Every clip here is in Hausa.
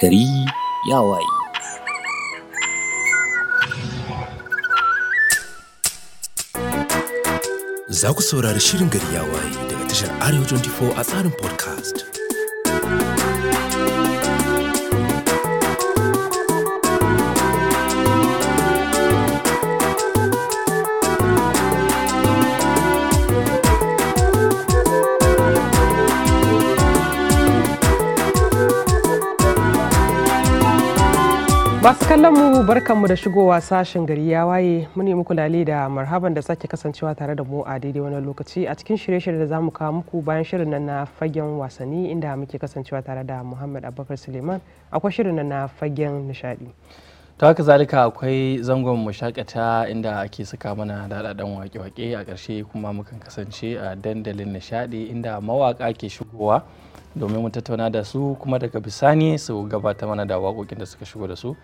gari ya waye. Za ku saurari shirin gari ya waye daga tashar Arewa 24 a tsarin podcast. masu kallon mu barkanmu da shigowa sashen gari ya waye muni muku lale da marhaban da sake kasancewa tare da mu a daidai wani lokaci a cikin shirye-shirye da zamu kawo muku bayan shirin nan na fagen wasanni inda muke kasancewa tare da muhammad abubakar suleiman akwai shirin nan na fagen nishadi ta haka zalika akwai zangon shakata inda ake saka mana daɗaɗɗen wake-wake a ƙarshe kuma mukan kasance a dandalin nishadi inda mawaka ke shigowa domin mu tattauna da su kuma daga bisani su gabata mana da waƙoƙin da suka shigo da su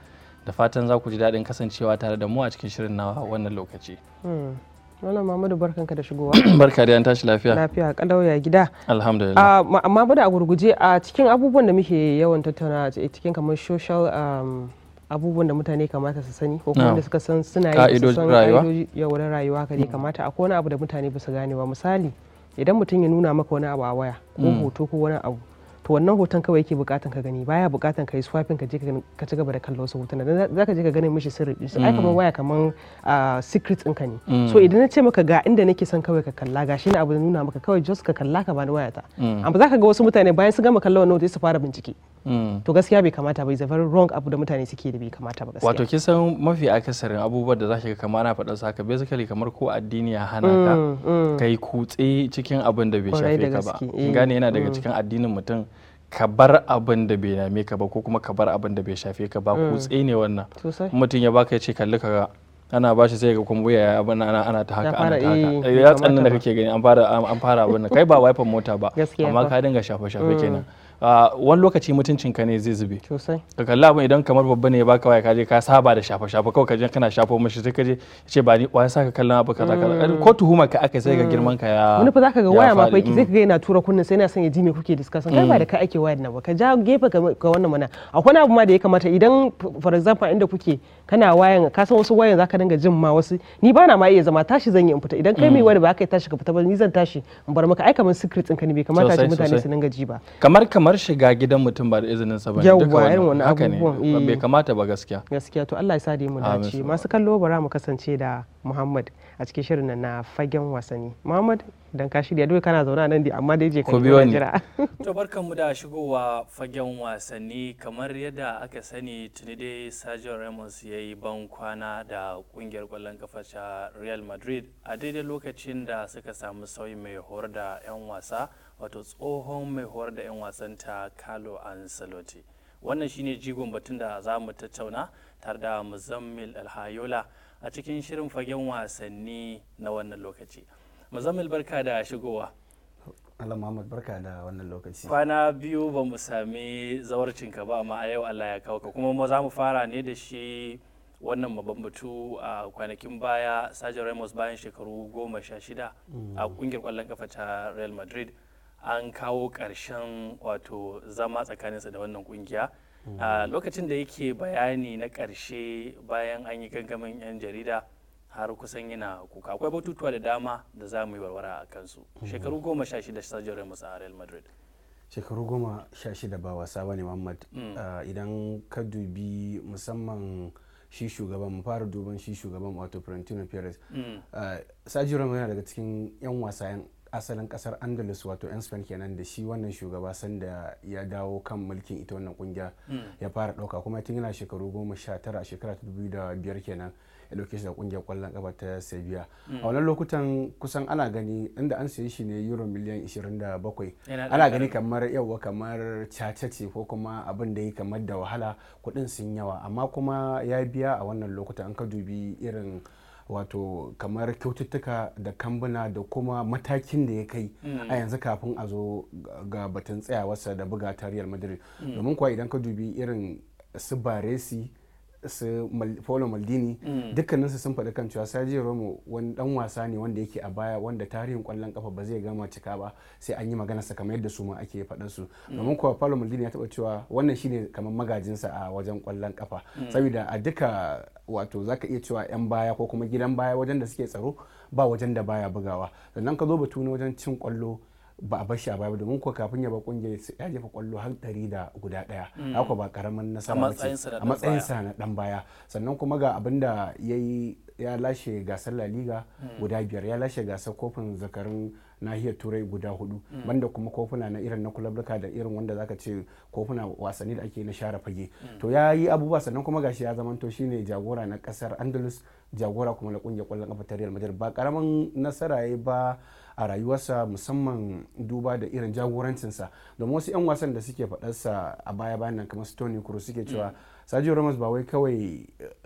da fatan za ku ji daɗin kasancewa tare da mu a cikin shirin na wannan lokaci. Hmm. Malam Mahmudu barkanka da shigowa. Barka da yan tashi lafiya. Lafiya kalau ya gida. Alhamdulillah. Ah, amma bada a gurguje a cikin abubuwan da muke yawan tattauna cikin kamar social um, abubuwan da mutane kamata su sani ko kuma da suka san suna yi su san ka'idoji yawon rayuwa ka ne mm. kamata akwai wani abu da mutane ba su gane ba misali idan mutum ya nuna maka wani abu a waya ko mm. hoto ko wani abu to wannan hoton kawai yake bukatan ka gani baya bukatan ka yi swiping ka je ka ci gaba da kallon wasu hoton dan zaka je ka gane mishi sirri din ai mm. kamar waya kamar ah, secret din ka ne mm. so idan na ce maka ga inda nake son kawai ka kalla gashi ne abu da nuna maka kawai just ka kalla ka bani wayata mm. amma zaka ga wasu mutane bayan su gama kallon wannan hoton su fara bincike Mm. to gaskiya bai kamata ba is a very wrong abu da mutane suke da bai kamata ba gaskiya wato kin san mafi akasarin abubuwan da zaka ga kamar ana faɗa su haka basically kamar ko addini ya hana ka mm, mm. kai kutse cikin abin da bai shafe ka ba eh. gane yana daga cikin addinin mutum ka bar abin da bai name ka ba ko kuma ka bar abin da bai shafe ka ba kutse ne wannan mutum ya baka ya ce kalli ka ga ana ba shi sai ga kuma wuya abin ana ana ta haka ana ta haka ya eh, eh, tsannan da kake gani an fara an fara abin kai ba wifan mota ba amma ka dinga shafe shafe kenan Ah, wani lokaci mutuncinka ne zai zube ka kalla abin idan kamar babba ne baka waya kaje ka saba da shafa shafa kawai kaje kana shafa mashi sai kaje ce ba ni waya saka kallon abu kaza kaza mm. ko tuhuma ka aka sai ga mm. girman ka ya wani fa zaka ga waya ma kai zai ka ga yana tura kunnen sai yana sanya ji me kuke discussing kai ba mm. da ka ake wayar nan ba ka ja gefe ga wannan mana akwai wani abu ma da ya kamata idan for example inda kuke kana wayan ka san wasu wayan zaka dinga jin ma wasu ni ba na ma iya zama tashi zan yi in fita idan kai mai mm. wani ba ka tashi ka fita ba ni zan tashi in bar maka ai kamar secret ɗinka ne bai kamata ji mutane su dinga ji ba kamar kamar shiga gidan mutum ba da izinin sa ba duka wannan haka ne bai eh. kamata ba gaskiya gaskiya to Allah ya sa da mu dace masu kallo bara mu kasance da Muhammad a cikin shirin na fagen wasanni Muhammad dan ka shirya duk kana zaune nan dai amma dai je ka jira to barkanmu da shigowa fagen wasanni kamar yadda aka sani tuni dai Sergio Ramos yayi ban kwana da kungiyar kwallon kafa ta Real Madrid a daidai lokacin da suka samu sauyi mai horar da 'yan wasa wato tsohon mai horar da 'yan wasan ta Carlo Ancelotti wannan shine jigon batun da za mu tattauna tare da Muzammil Alhayola a cikin shirin fagen wasanni na wannan lokaci. muzammil barka da shigowa Allah Muhammad barka da wannan lokaci kwana biyu ba mu sami zawarcinka ba amma a yau Allah ya kawo ka kuma za mu fara ne da shi wannan mabambatu a kwanakin baya Sergio Ramos bayan shekaru goma sha shida mm. a kungiyar kwallon kafa ta Real Madrid an kawo ƙarshen wato zama tsakaninsa da wannan kungiya mm. a lokacin da yake bayani na ƙarshe bayan an yi gangamin 'yan jarida har kusan yana kuka akwai batutuwa da dama da za mu yi warwara a kansu mhm. shekaru goma sha shida Sergio Ramos a Real Madrid shekaru goma sha shida ba wasa ba ne Muhammad mm. ah, idan ka dubi musamman shi shugaban mu fara duban shi shugaban wato Florentino Perez mm. ah, Sergio Ramos yana daga cikin yan wasa 'yan asalin kasar andalus wato yan spain kenan da shi wannan shugaba sanda ya dawo kan mulkin ita wannan kungiya mm. ya fara dauka kuma tun yana shekaru goma sha tara shekara ta dubu da biyar kenan ya dauke da kungiyar kwallon kafa ta serbia. Mm. a wannan lokutan kusan ana gani inda an sayi shi ne euro miliyan 27 ana gani kamar yawa kamar caca ce ko kuma abin da yi kamar da wahala kuɗin sun yawa amma kuma ya biya a wannan lokutan an ka dubi irin wato kamar kyaututtuka da kambuna da kuma matakin da ya kai mm. a yanzu kafin a zo ga batun tsayawarsa da buga ta real madrid mm. domin kuwa idan ka dubi irin su baresi su Paulo Maldini mm. sun faɗi kan cewa Sergio Romo wani dan wasa ne wanda yake a baya wanda tarihin kwallon kafa ba zai gama cika ba sai an yi magana sa kamar yadda su ma ake faɗan su mm. domin kuwa Paulo Maldini ya taɓa cewa wannan shine kamar magajinsa a wajen kwallon kafa mm. saboda a duka wato zaka iya cewa yan baya ko kuma gidan baya wajen da suke tsaro ba wajen da baya bugawa sannan ka zo batu na wajen cin kwallo ba a bashi a baya domin ko kafin ya ba kungiyar ya jefa kwallo har ɗari da guda ɗaya mm. haka ba karamin nasara a matsayinsa na dan baya sannan kuma ga abin da ya yi ya lashe gasar la liga mm. guda biyar ya lashe gasar kofin Zakarin nahiyar turai guda hudu mm. banda kuma kofuna na irin na kulabluka da irin wanda zaka ce kofuna wasanni da ake na share fage to ya yi abubuwa sannan kuma gashi ya zamanto shine jagora na kasar andalus jagora kuma na kungiyar kwallon kafa ta real madrid ba karamin nasara ya ba a rayuwarsa musamman duba da irin jagorancinsa domin wasu 'yan wasan da suke faɗarsa a baya bayan nan kamar stony kuro suke cewa sajiyar Ramos ba wai kawai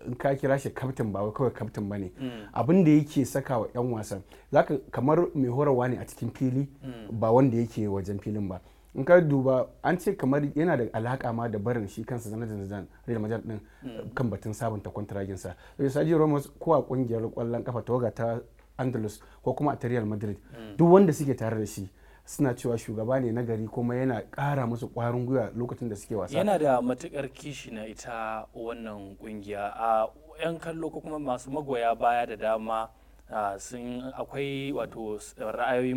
in ka kira shi kaftin ba wai kawai kaftin ba ne mm. abin da yake saka wa 'yan wasan zaka kamar mai horarwa ne a cikin fili mm. ba wanda yake wajen filin ba in ka duba an ce kamar yana da alaka ma da barin shi kansa zanadan zan Real Madrid din mm. kan batun sabunta ragin sa Sergio Ramos ko a kungiyar kwallon kafa tawaga ta andalus ko kuma a real madrid hmm. duk wanda suke tare da shi suna cewa shugaba ne na gari kuma yana kara musu kwarin gwiwa lokacin da suke wasa yana da matukar kishi na ita wannan kungiya a 'yan kallo ko kuma masu magoya baya da dama sun akwai wato ra'ayoyi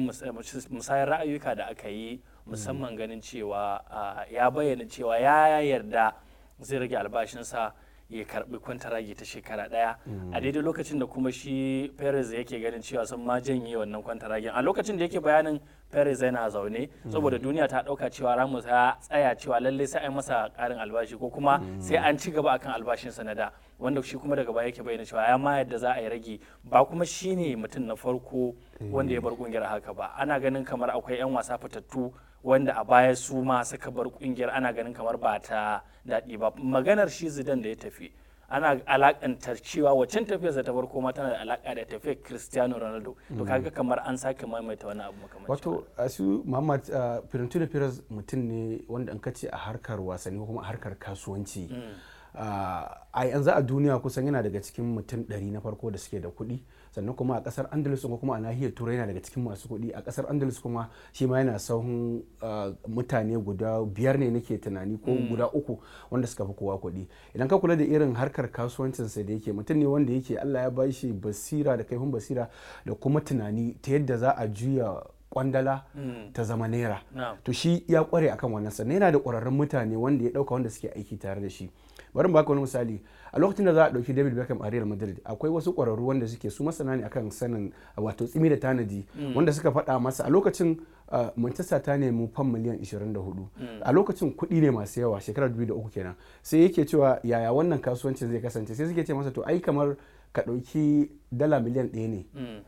musayar ra'ayoyika da aka yi musamman hmm. ganin cewa ya bayyana cewa ya yarda zai rage albashinsa ya karbi kwantaragi ta shekara daya a mm. daidai lokacin da kuma shi perez yake ganin cewa sun ma janye wannan kwantaragin a lokacin da yake bayanin perez yana zaune mm. saboda duniya ta dauka cewa ramu ya tsaya cewa lallai sai an masa karin albashi ko kuma mm. sai an ci gaba akan sa na da wanda shi kuma daga baya yake bayyana cewa ya ma yadda za a yi rage ba kuma shine mutum na farko eh. wanda ya bar kungiyar haka ba ana ganin kamar akwai 'yan wasa fitattu wanda a baya su ma suka bar kungiyar ana ganin kamar ba ta daɗi ba maganar shi zidan da ya tafi ana alakantar cewa waccan tafiyarsa ta farko ma tana da alaka da tafiyar cristiano ronaldo to kaga kamar an sake maimaita wani abu makamancin wato asu muhammad firantino firas mutum ne wanda an kace a harkar wasanni ko kuma a harkar kasuwanci mm. a yanzu a duniya kusan yana daga cikin mutum ɗari na farko da suke da kuɗi sannan kuma a kasar andalus ko kuma a nahiyar turai yana daga cikin masu kuɗi a kasar andalus kuma shi ma yana sauhun ah, mutane guda biyar ne nake tunani ko mm. guda uku wanda suka fi kowa kuɗi idan ka kula da irin harkar kasuwancin kasuwancinsa da yake mutum ne wanda yake allah ya bashi basira da kaifin basira da kuma tunani ta yadda za a juya kwandala mm. ta zama naira to shi ya kware akan wannan sannan yana da kwararrun mutane wanda ya ɗauka wanda suke aiki tare da shi bari baka wani misali a lokacin da za a ɗauki david beckham a real madrid akwai wasu ƙwararru wanda suke su masana ne akan sanin wato tsimi da tanadi mm. wanda suka faɗa masa a lokacin uh, manchester ta nemi fan miliyan 24 mm. a lokacin kuɗi ne masu yawa shekarar 2003 kenan sai yake cewa yaya wannan kasuwancin zai kasance sai suke ce masa to ai kamar ka ɗauki dala miliyan ɗaya ne mm.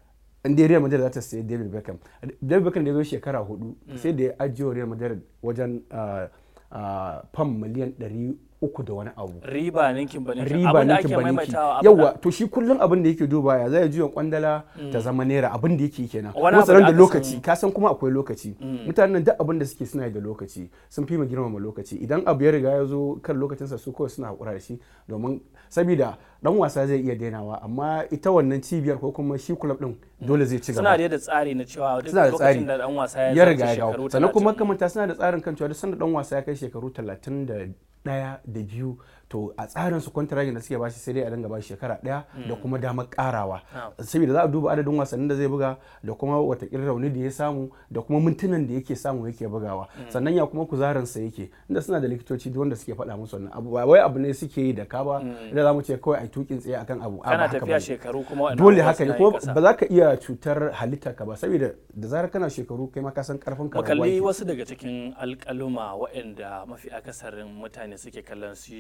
in dai Real Madrid za ta sayi David Beckham David Beckham da ya zo shekara hudu sai da ya ajiye Real Madrid wajen uh, uh, fam miliyan ɗari uku da wani abu riba ninkin ba ninkin riba ninkin ba ninkin yawa to shi kullum abin da yake duba ya zai juya kwandala ta mm. zama naira abin da yake kenan matsalar da lokaci ka san kuma akwai lokaci mm. mutanen duk abin da suke suna da lokaci sun fi mu girmama lokaci idan abu ya riga ya zo kan lokacinsa su kawai suna hakura da shi domin saboda dan wasa zai iya dainawa amma ita wannan cibiyar ko kuma shi club din mm. dole zai ci gaba suna da tsari na cewa duk lokacin da dan wasa ya riga ya dawo sannan kuma ta suna da tsarin kan cewa duk sanda dan wasa ya kai shekaru 30 da there did you to a tsarin su kwantaragin da suke bashi sai dai a dinga bashi shekara daya mm. da kuma damar karawa ah. saboda za a duba adadin wasannin da zai buga da kuma watakila rauni da ya samu da kuma mintunan da yake samu yake bugawa mm. sannan ya kuma kuzarin sa yake inda suna da likitoci duk wanda suke faɗa musu wannan abu wai abu ne suke yi da ka ba mm. da zamu ce kawai a tukin tsaye akan abu kana tafiya shekaru kuma dole haka ne ko ba za ka iya cutar halitta ka ba saboda da zarar kana shekaru kai ma ka san karfin ka kalli wasu daga cikin alƙaluma waɗanda mafi akasarin mutane suke kallon su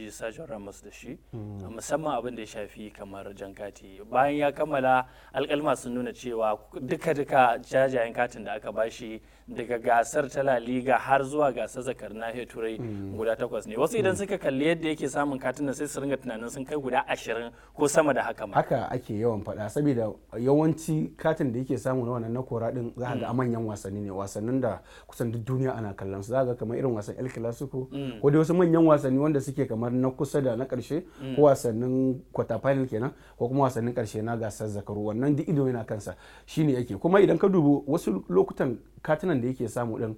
cutar ramus da shi hmm. musamman abin da ya shafi kamar jan kati bayan ya kammala alkalma sun nuna cewa duka-duka jajayen katin da aka bashi daga gasar ta La Liga har zuwa gasar zakar nahiyar Turai mm. guda takwas ne wasu idan mm. suka kalli yadda yake samun katunan sai su ringa tunanin sun kai guda ashirin ko sama da haka ma haka ake yawan faɗa saboda yawanci katin da yake samu na wannan na kora din za ga a mm. manyan wasanni ne wasannin da kusan duk duniya ana kallon su za ga kamar irin wasan El Clasico ko dai wasu manyan wasanni wanda suke kamar na kusa da na karshe ko wasannin quarter final kenan ko kuma wasannin karshe na gasar zakaru wannan duk ido yana kansa shine yake kuma idan ka dubi wasu lokutan katinan. da yake samu din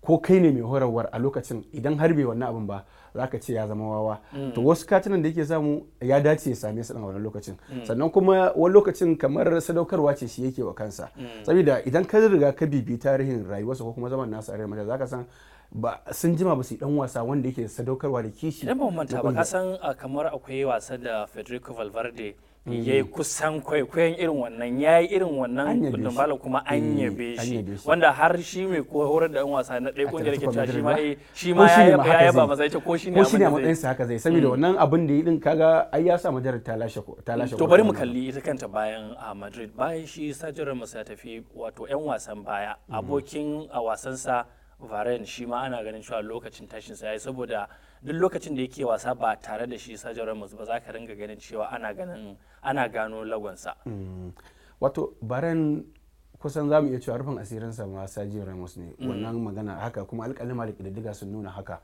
ko kai ne mai horarwar a lokacin idan har bai wannan abin ba za ka ce ya zama wawa mm. to wasu katunan da yake samu ya dace ya same su a wannan lokacin mm. sannan kuma wani lokacin kamar sadaukarwa ce shi yake wa kansa mm. saboda idan ka riga ka bibi tarihin rayuwarsa ko kuma zaman nasa a mata za ka san ba sun jima ba su dan wasa wanda yake sadaukarwa da kishi idan ba manta ba ka ah, kamar akwai wasa da Federico Valverde Mm. ya yi kusan kwaikwayon irin wannan ya yi irin wannan dumfala kuma an eh, yabe shi wanda har shi mai ko horar da yan wasa na ɗaya kungiyar ke cewa shi ma shi ma ya yaba masa yace ko shi ne a matsayin sa haka zai saboda mm. wannan abin da yi din kaga ai ya sa Madrid ta lashe ta lashe to bari mu kalli ita kanta bayan a Madrid bayan shi Sergio Ramos ya tafi wato yan wasan baya mm. abokin a wasan sa Varane shi ma ana ganin cewa lokacin tashin sa yayi saboda duk lokacin da yake wasa ba tare da shi Sergio Ramos ba za ka ringa ganin cewa ana ganin ana gano lagonsa. Mm. Wato kusan za mu iya cewa rufin asirin sa ma Sergio Ramos ne mm. wannan magana haka kuma alƙalima da ƙididdiga sun nuna haka.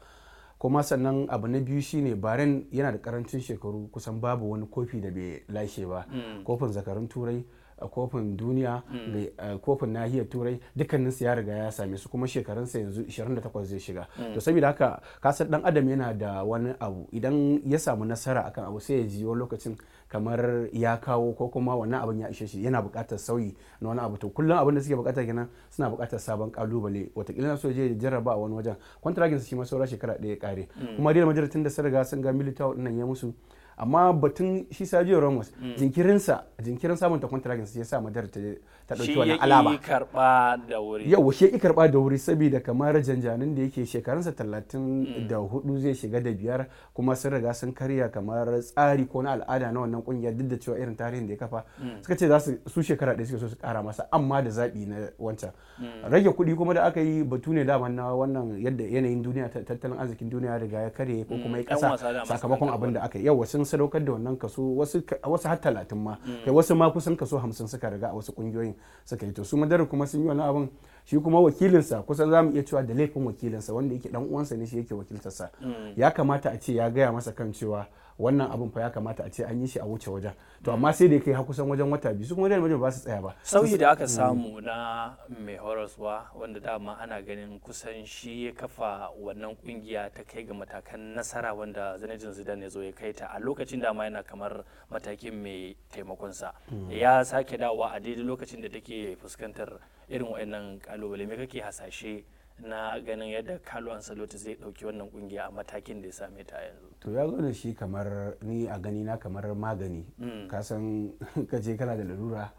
kuma sannan abu na biyu shine baren yana da karancin shekaru kusan babu wani kofi da bai lashe ba mm. kofin zakarun turai a kofin duniya da mm. kofin nahiyar turai dukkanin su ya riga ya same su kuma shekarun sa yanzu 28 zai shiga mm. to saboda haka kasar dan adam yana da wani abu idan ya samu nasara akan abu sai ya ji wani lokacin kamar ya kawo ko kuma wannan abin ya ishe shi yana buƙatar sauyi na wani abu to kullum abin da suke buƙata kenan suna buƙatar sabon kalubale watakila na so je jarraba a wani wajen kwantaragin su shi ma saura shekara ɗaya kare mm. kuma dai da da sun riga sun ga militao ɗin ya musu amma batun shi sajiyar Ramos mm. jinkirinsa jinkirin samun ta contract ya sa ta ta ɗauki wannan alama shi karba da wuri yau shi ya karba da wuri saboda kamar janjanin da yake shekarunsa talatin mm. da hudu zai shiga da biyar kuma sun riga sun karya kamar tsari ko na al'ada na wannan kungiyar duk da cewa irin tarihin da ya kafa mm. suka ce za su su shekara ɗaya suke so su kara masa amma da zaɓi na wancan mm. rage kuɗi kuma da aka yi batu ne daman na wannan yadda yanayin duniya tattalin arzikin duniya riga ya karye ko kuma ya ƙasa sakamakon abin da aka yi yau sun sadaukar da wannan kaso wasu har talatin ma kai wasu ma kusan kaso hamsin suka riga a wasu kungiyoyin suka yi to su madarar kuma sun yi wani abin shi kuma wakilinsa kusan za mu iya cewa da laifin wakilinsa wanda yake dan uwansa ne shi yake wakiltarsa mm. ya kamata a ce ya gaya masa kan cewa wannan abin fa ya kamata a ce an yi shi a wuce wajen to amma sai da kai ha kusan wajen wata biyu su kuma wajen wajen ba su tsaya ba sauyi da aka mm. samu na mai horaswa wanda dama ana ganin kusan shi ya kafa wannan kungiya ta kai ga matakan nasara wanda zanejin zidane ya zo ya kai ta a lokacin dama yana kamar matakin mai taimakonsa mm. ya sake dawowa a daidai lokacin da take fuskantar irin waɗannan kalubale me kake hasashe na ganin yadda an Ancelotti zai dauki wannan kungiya a matakin da ya same ta yanzu to ya zo da shi kamar ni a gani na kamar magani mm. ka san ka je kana da lalura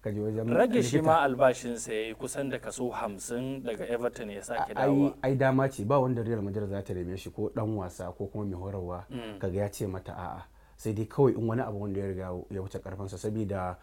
ka je wajen rage shi ma albashin sa yayi kusan da kaso 50 daga Everton ya sake dawo ai dama ce ba wanda Real Madrid za ta reme shi ko dan wasa ko kuma mai horarwa mm. kaga ya ce mata a'a sai dai kawai in wani abu wanda ya riga ya wuce karfansa saboda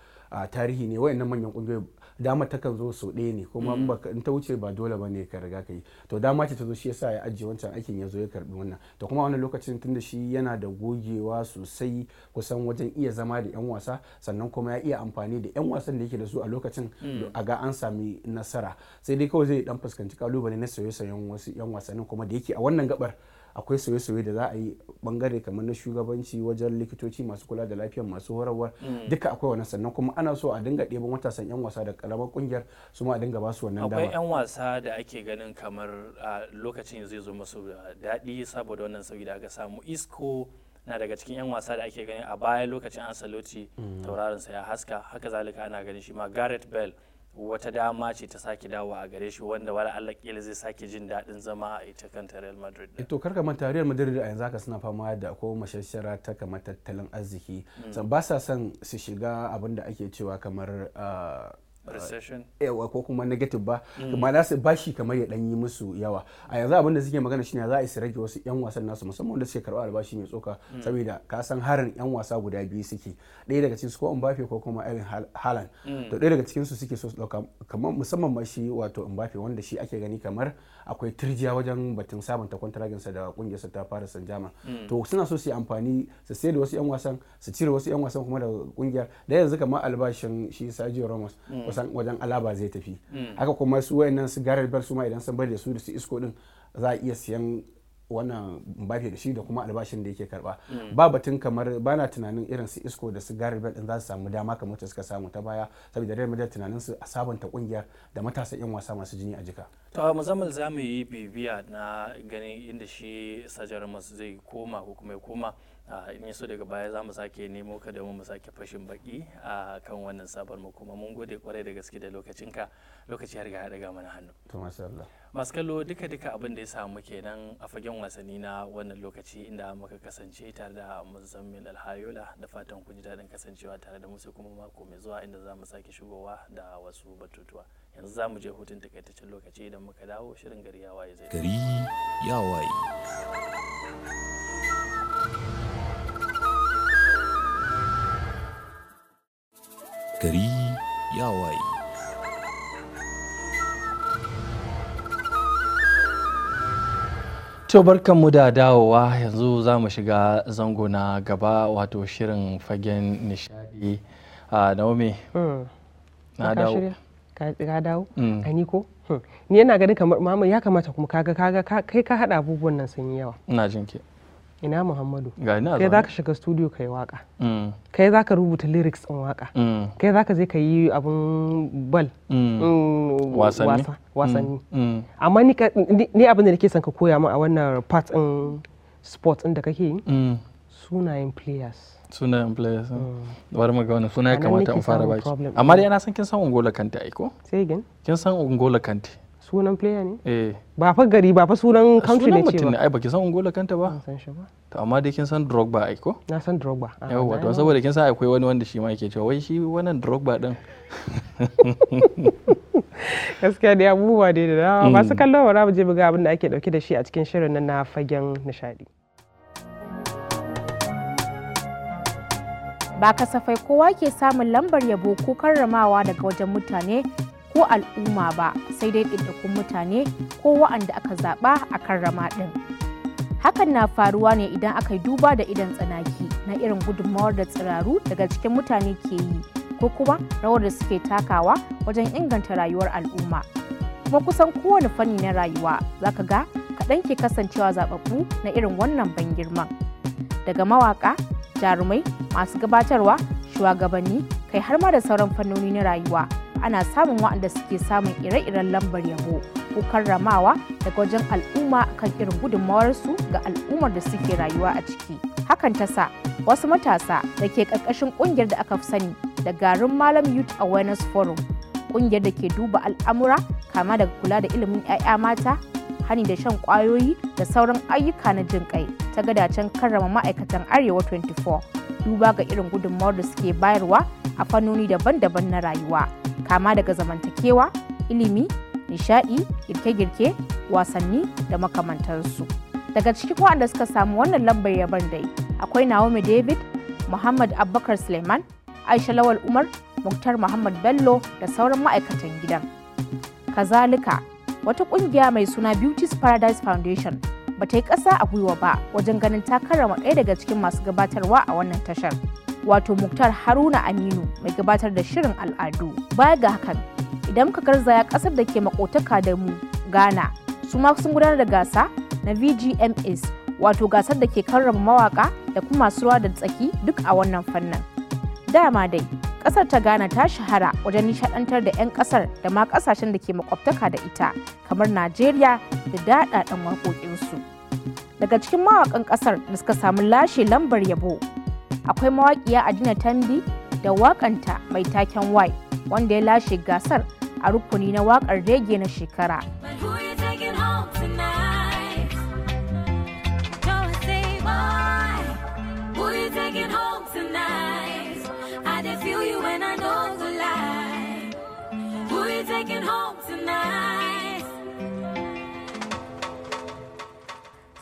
tarihi ne wayannan manyan kungiyoyi dama takan zo sau ɗaya ne kuma mm. in ta wuce ba dole ba ne ka riga ka yi to dama ce ta zo shi yasa ya ajiye wancan aikin ya zo ya karbi wannan to kuma wani lokacin tunda shi yana da gogewa sosai kusan wajen iya zama da yan wasa sannan kuma ya iya amfani da yan wasan da yake da su a lokacin mm. a ga an sami nasara sai dai kawai zai dan fuskanci kalubale na sauye-sauyen wasu yan wasannin kuma da yake a wannan gabar akwai sauye-sauye da za a yi bangare kamar na shugabanci wajen likitoci masu kula da lafiyar masu horarwa mm. duka akwai wannan sannan kuma ana so a dinga ɗeban matasan 'yan wasa da karamar kungiyar su ma a dinga basu wannan dama akwai 'yan wasa da ake ganin kamar a lokacin zai zo masu daɗi saboda wannan sauyi da aka samu isko na daga cikin 'yan wasa da ake ganin a baya lokacin an mm. tauraron sa ya haska haka zalika ana ganin shi ma gareth bell wata dama ce ta sake dawo a gare shi wanda wala Allah kila zai sake jin daɗin zama a ita kanta Real Madrid. Ito karka manta Real Madrid a yanzu haka suna fama da ko mashashara ta kamar tattalin arziki. Hmm. San ba sa son su shiga abin da ake cewa kamar ah, yawa ko kuma negative ba kuma mm. za su bashi kamar ya dan yi musu yawa a yanzu abin da suke magana shine za a isa rage wasu yan wasan nasu musamman wanda suke karɓar albashi mai tsoka mm. saboda ka san harin yan wasa guda biyu suke ɗaya daga cikin su ko Mbappe ko kuma Erling Haaland mm. to ɗaya daga cikin su suke so su ɗauka musamman ma shi wato Mbappe wanda shi ake gani kamar akwai turjiya wajen batun sabunta kwantaraginsa da kungiyarsa ta fara sanjama mm. to suna so su yi amfani su sayar da wasu yan wasan su cire wasu yan wasan kuma da kungiyar da yanzu kamar albashin shi Sergio Ramos mm. kusan wajen alaba zai tafi mm. haka kuma su wayannan su Gareth Bale su ma idan sun bari da su da su isko din za a iya siyan wannan mbappe da shi da kuma albashin da yake karba mm. ba batun kamar bana tunanin irin su isko da su bal din za su samu dama kamar ta suka samu ta baya saboda real madrid tunanin su a sabanta kungiyar da matasa yan wasa masu jini a jika to musamman za mu yi bibiya na ganin inda shi sajar masu zai koma ko kuma ya koma in so daga baya za mu sake nemo ka domin mu sake fashin baki a kan wannan sabon mu kuma mun gode kwarai da gaske da lokacinka lokaci har ga daga mana hannu to masha Allah masu kallo duka duka abin da ya samu nan a fagen wasanni na wannan lokaci inda muka kasance tare da muzammil alhayola da fatan kun ji daɗin kasancewa tare da mu sai kuma mako mai zuwa inda za mu sake shigowa da wasu batutuwa yanzu za mu je hutun takaitaccen lokaci idan muka dawo shirin gari ya waye zai gari ya waye gari ya waye to barkanmu da dawowa yanzu za mu shiga zango na gaba wato shirin fagen nishadi a naomi hmm. na dawo ka dawo ka hmm. ni ko hmm. ni yana ganin kamar mamu ya kamata kuma kaga kaga kai ka hada abubuwan nan sun yi yawa ina jinki ina muhammadu kai za ka shiga studio ka yi waka mm. kai za ka rubuta lyrics in waka mm. kai za ka je ka yi abin bal mm. wasanni amma ni abin da nake son ka koya min a wannan part in sports din da kake yi sunayen players sunayen players eh? bari mu ga wannan suna ya kamata in fara baki amma dai ana san kin san ungola kante aiko sai kin san ungola kante sunan player ne eh ba fa gari ba fa sunan country ne ce ba sunan mutum ne ai baki san ungola kanta ba san shi ba to amma dai kin san Drogba ai ko na san Drogba ah, yawa to saboda kin san akwai wani wanda shi ma yake cewa wai shi wannan Drogba din gaskiya dai abubuwa dai da dama mm. masu kallon wa mu je mu ga abin da ake dauke da shi a cikin shirin nan na fagen nishadi ba kasafai kowa ke samun lambar yabo ko karramawa daga wajen mutane ko al'umma ba sai dai ɗaiɗaikun mutane ko wa'anda aka zaɓa a kan rama ɗin. Hakan na faruwa ne idan aka yi duba da idan tsanaki na irin gudummawar da tsiraru daga cikin mutane ke yi ko kuma rawar da suke takawa wajen inganta rayuwar al'umma. Kuma kusan kowane fanni na rayuwa za ka ga kaɗan ke kasancewa zaɓaɓɓu na irin wannan ban girman. Daga mawaƙa, jarumai, masu gabatarwa, shugabanni, kai har ma da sauran fannoni na rayuwa. ana samun waɗanda suke samun ire-iren lambar yabo ko karramawa daga wajen al'umma kan irin gudunmawarsu ga al'ummar da suke rayuwa a ciki hakan ta sa wasu matasa da ke ƙarƙashin ƙungiyar da aka fi sani da garin malam youth awareness forum ƙungiyar da ke duba al'amura kama daga kula da ilimin 'ya'ya mata hani da shan ƙwayoyi da sauran ayyuka na jin ƙai ta gadacen karrama ma'aikatan arewa 24 duba ga irin gudunmawar da suke bayarwa a fannoni daban-daban na rayuwa kama daga zamantakewa ilimi nishadi girke-girke wasanni da makamantarsu daga cikin waɗanda suka samu wannan lambar yaban dai akwai naomi david muhammad abubakar suleiman aisha lawal umar muktar muhammad bello da sauran ma'aikatan gidan kazalika wata ƙungiya mai suna beauty's paradise foundation ba ta yi ƙasa a gwiwa ba wajen ganin ta karrama ɗaya daga cikin masu gabatarwa a wannan tashar wato muktar haruna aminu mai gabatar da shirin al'adu baya ga hakan idan muka garzaya ƙasar da ke makotaka da mu ghana su ma sun gudanar da gasa na vgms wato gasar da ke karrama mawaka da kuma masu ruwa da tsaki duk a wannan fannin dama dai kasar ta ghana ta shahara wajen nishadantar da 'yan kasar da ma kasashen da ke makwabtaka da ita kamar najeriya da daɗaɗan waƙoƙinsu daga cikin mawaƙan kasar da suka samu lashe lambar yabo akwai mawaƙiya a adina tambi da waƙanta mai taken y wanda ya lashe gasar a rukuni na waƙar rege na shekara taking home tonight.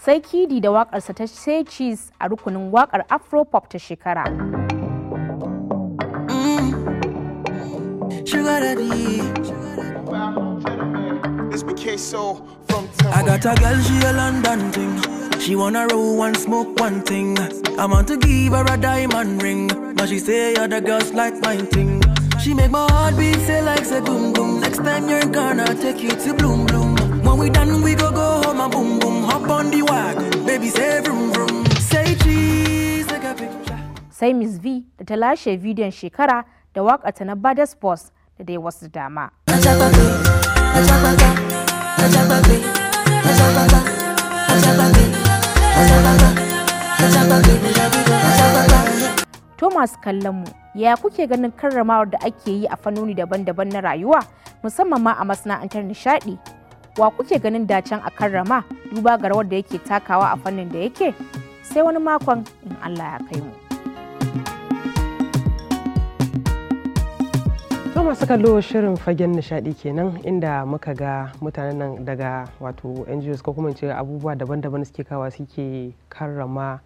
Sai Kidi da ta Say Cheese a rukunin waƙar ta shekara. Mm-hmm. I got a girl, she a London thing. She wanna roll and smoke one thing. I want to give her a diamond ring. but she say other girls like my thing. She make my heart beat say like say boom boom. Next time you're in Ghana, take you to bloom bloom. When we done, we go go home and boom boom. Hop on the wagon, baby say vroom vroom. Say cheese, take a picture. Sai Miss V da ta lashe bidiyon shekara da waka ta na Bada Sports da dai wasu dama. Ajabagbe, ajabagbe, ajabagbe, ajabagbe, ajabagbe, ajabagbe. Thomas masu mu, ya kuke ganin karramawar da ake yi a fannoni daban-daban na rayuwa, musamman ma a masana'antar nishaɗi? Wa kuke ganin dacen a karrama duba ga rawar da yake takawa a fannin da yake? Sai wani makon in Allah ya kai mu. To masu kallo shirin fagen nishadi kenan inda muka ga mutanen nan daga wato NGOs ko kuma ce abubuwa daban-daban suke kawa suke karrama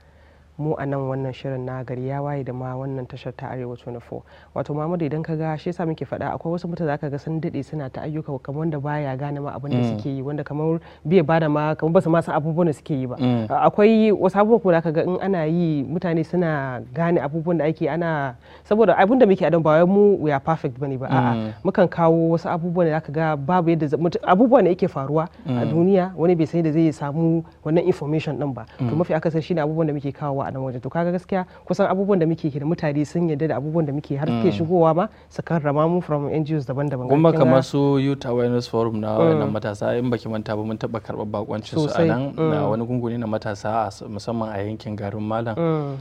mu a nan wannan shirin na gari ya waye da ma wannan tashar ta arewa 24 wato mamudu idan ka ga shi yasa muke faɗa akwai wasu mutane zaka ga sun daɗe suna ta ayyuka kamar wanda baya gane ma abin da mm. suke yi wanda kamar bai bada ma kamar basu ma san abubuwan da suke yi ba mm. akwai wasu abubuwa kuma zaka ga in ana yi mutane suna gane abubuwan da ake ana saboda abin da muke adam ba wai mu we are perfect bane ba a'a mm. mukan kawo wasu abubuwan da zaka ga babu yadda abubuwan da yake faruwa a duniya wani bai san da zai samu wannan information din ba to mafi akasar shine abubuwan da muke kawo a nan wajen to kaga gaskiya kusan abubuwan da muke da mutane sun yarda da abubuwan da muke har suke mm. shigowa ma su rama mu from NGOs daban-daban kuma kamar su Youth Awareness Forum na mm. wannan matasa in baki manta ba mun taba karɓar bakoncin su a nan na mm. wani gungune na matasa musamman a yankin garin Malam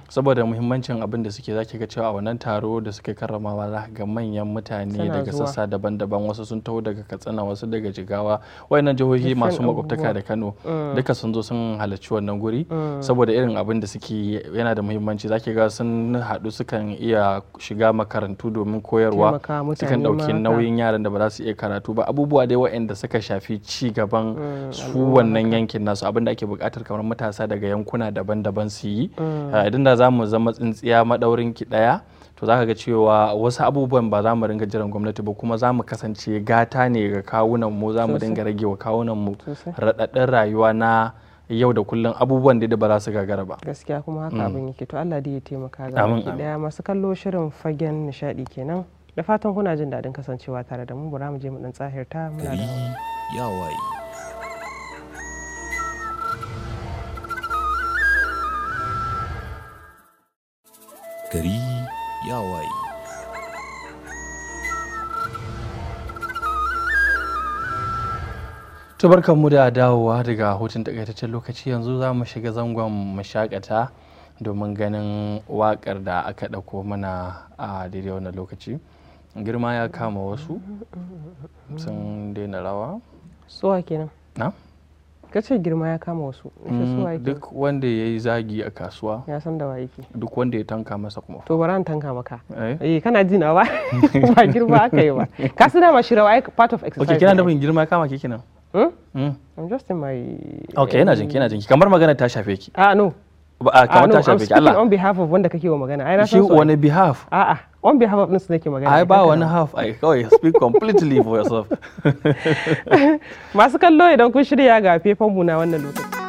saboda muhimmancin abin da suke zaki ga cewa a wannan taro da suke karramawa za ga manyan mutane daga sassa daban-daban wasu sun taho daga Katsina wasu daga Jigawa wayannan jihohi masu makwabtaka da Kano duka sun zo sun halarci wannan guri saboda irin abin da suke yi yana da muhimmanci zaki ga sun haɗu sukan iya shiga makarantu domin koyarwa sukan ɗauki nauyin yaran da ba za su iya karatu ba abubuwa dai waɗanda suka shafi ci gaban mm, su wannan yankin nasu abin da ake buƙatar kamar matasa daga yankuna daban-daban su yi mm. eh, idan da za mu zama tsintsiya maɗaurin ki ɗaya to za ga cewa wasu abubuwan ba za mu ringa jiran gwamnati ba kuma za mu kasance gata ne ga kawunan mu za mu dinga rage wa kawunan mu raɗaɗɗen rayuwa na yau da kullum abubuwan da ba za su gagara ba gaskiya kuma haka mm. abin yake to Allah da ya taimaka ga baki daya masu kallo shirin fagen nishadi kenan da fatan kuna jin daɗin kasancewa tare da mu bura mu je mu dan tsahirta muna da ya waye gari tubarkan mu da dawowa daga hutun takaitaccen lokaci yanzu za mu shiga zangon mashakata domin ganin wakar da aka ɗauko mana a daidai wannan lokaci girma ya kama wasu sun daina rawa suwa kenan na kace girma ya kama wasu mm, duk wanda ya yi zagi a kasuwa ya san da waye ke duk wanda ya tanka masa kuma to bari an tanka maka eh, eh kana jina ba ba girma aka yi ba ka da dama shi rawa part of exercise okay kina da girma ya kama ke kenan Hmm? Hmm. I'm just in my Okay, ina jinki, ina jinki. Kamar magana ta shafe ki. Ah no. Ba ah, kamar ah, ta shafe ki. Allah. on behalf of wanda kake wa magana. Ai na san so. Shi wani behalf? A'a. on behalf of ɗinsu nake magana ai ba wani half ai kawai speak completely for yourself masu kallo idan kun shirya ga fefan mu na wannan lokacin.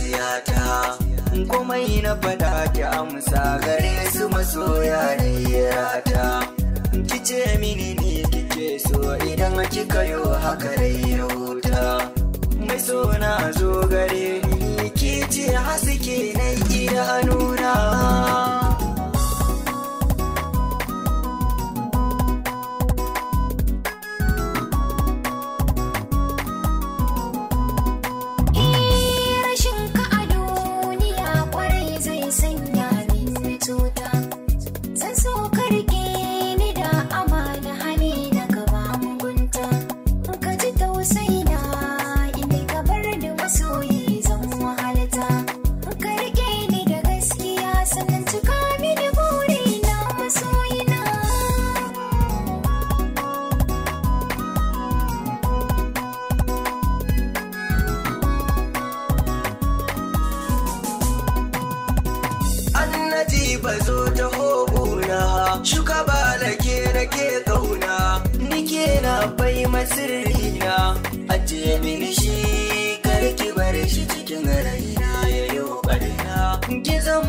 siyata komai na fada ki amsa gare su masoya da yarata kice mini ne kike so idan kika yo haka rairauta mai so na zo gare ni kice haske na idanuna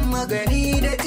magani da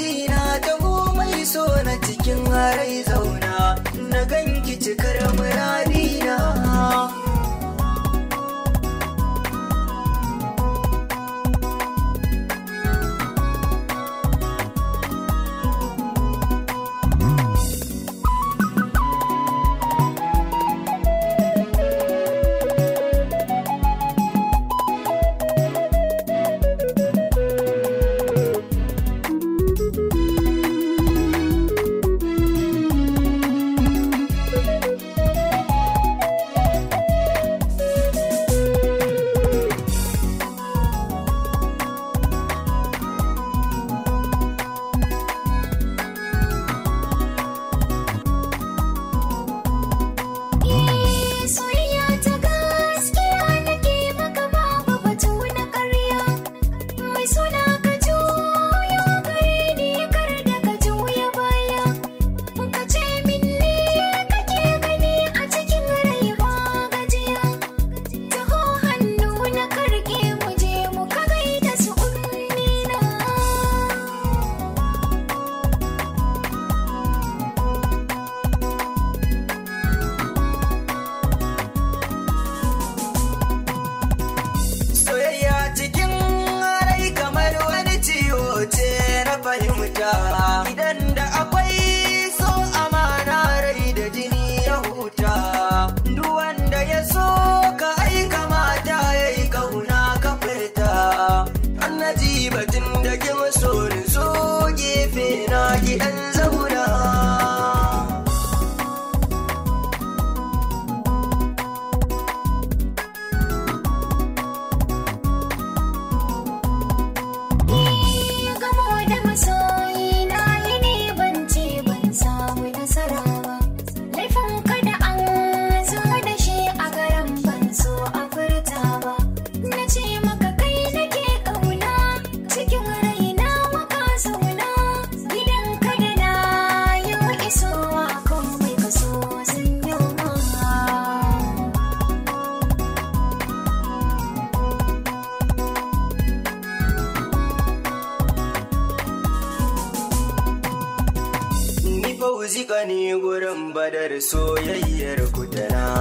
soyayyar ku da na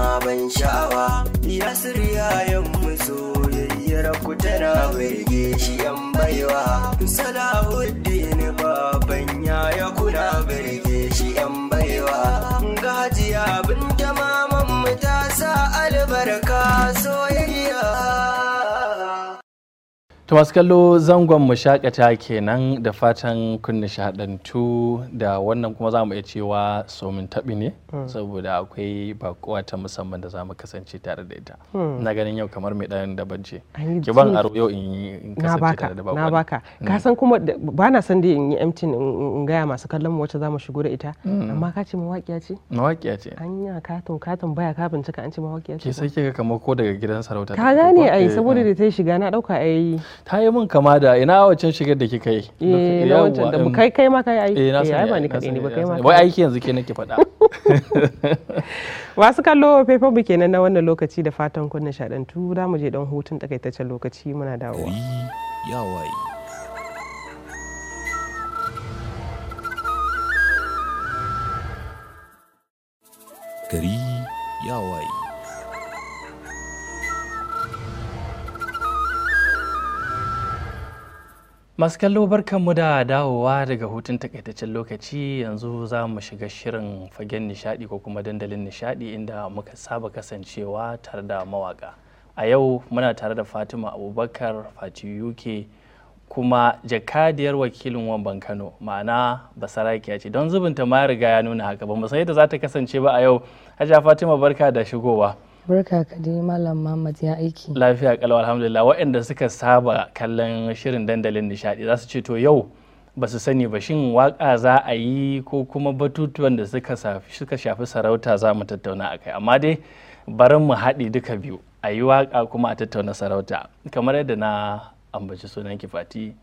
To masu kallo zangon mu shakata kenan da fatan kun nishadantu da wannan kuma za mu iya cewa somin taɓi ne hmm. saboda akwai bakuwa ta musamman da za mu kasance tare da ita. Hmm. Na ganin yau kamar mai ɗayan da bance Ki ban aro yau in kasance tare da bakuwa. Na baka. Ka hmm. san kuma ba na san da in yi emtin in gaya masu kallon mu wacce za mu shigo da ita. Amma ka ce mawaƙiya ce? Mawaƙiya ce. Anya katon katon baya ka bincika an ce mawaƙiya ce. Ke sai ke kamar ko daga gidan sarauta. Ka gane ai eh, saboda da ta yi shiga na dauka ai. ta yi min kama da ina wancan shigar da kika yi ina eh, wancan da kai kai ma kai aiki eh, eh ba ni kadai ne ba kai ma wai aiki yanzu ke nake faɗa wasu kallo paper mu kenan na wannan lokaci da fatan kun shaɗantu. za mu je dan hutun takaitaccen lokaci muna dawowa ya waye gari ya waye masu kallo barkanmu da dawowa daga hutun takaitaccen lokaci yanzu za mu shiga shirin fagen nishadi ko kuma dandalin nishadi inda muka saba kasancewa tare da mawaka a yau muna tare da fatima abubakar fati uk kuma jakadiyar wakilin wamban kano ma'ana basarakiya ce don zubinta ma riga ya nuna haka ba mu san za ta kasance ba a yau hajja fatima barka da shigowa Barka ka dai Malam Muhammad ya aiki. Lafiya kalau alhamdulillah waɗanda suka saba kallon shirin dandalin nishaɗi za su ce to yau ba su sani ba shin waƙa za a yi ko kuma batutuwan da suka shafi sarauta za mu tattauna akai amma dai barin mu haɗi duka biyu a yi waƙa kuma a tattauna sarauta kamar yadda na ambaci sunan kifati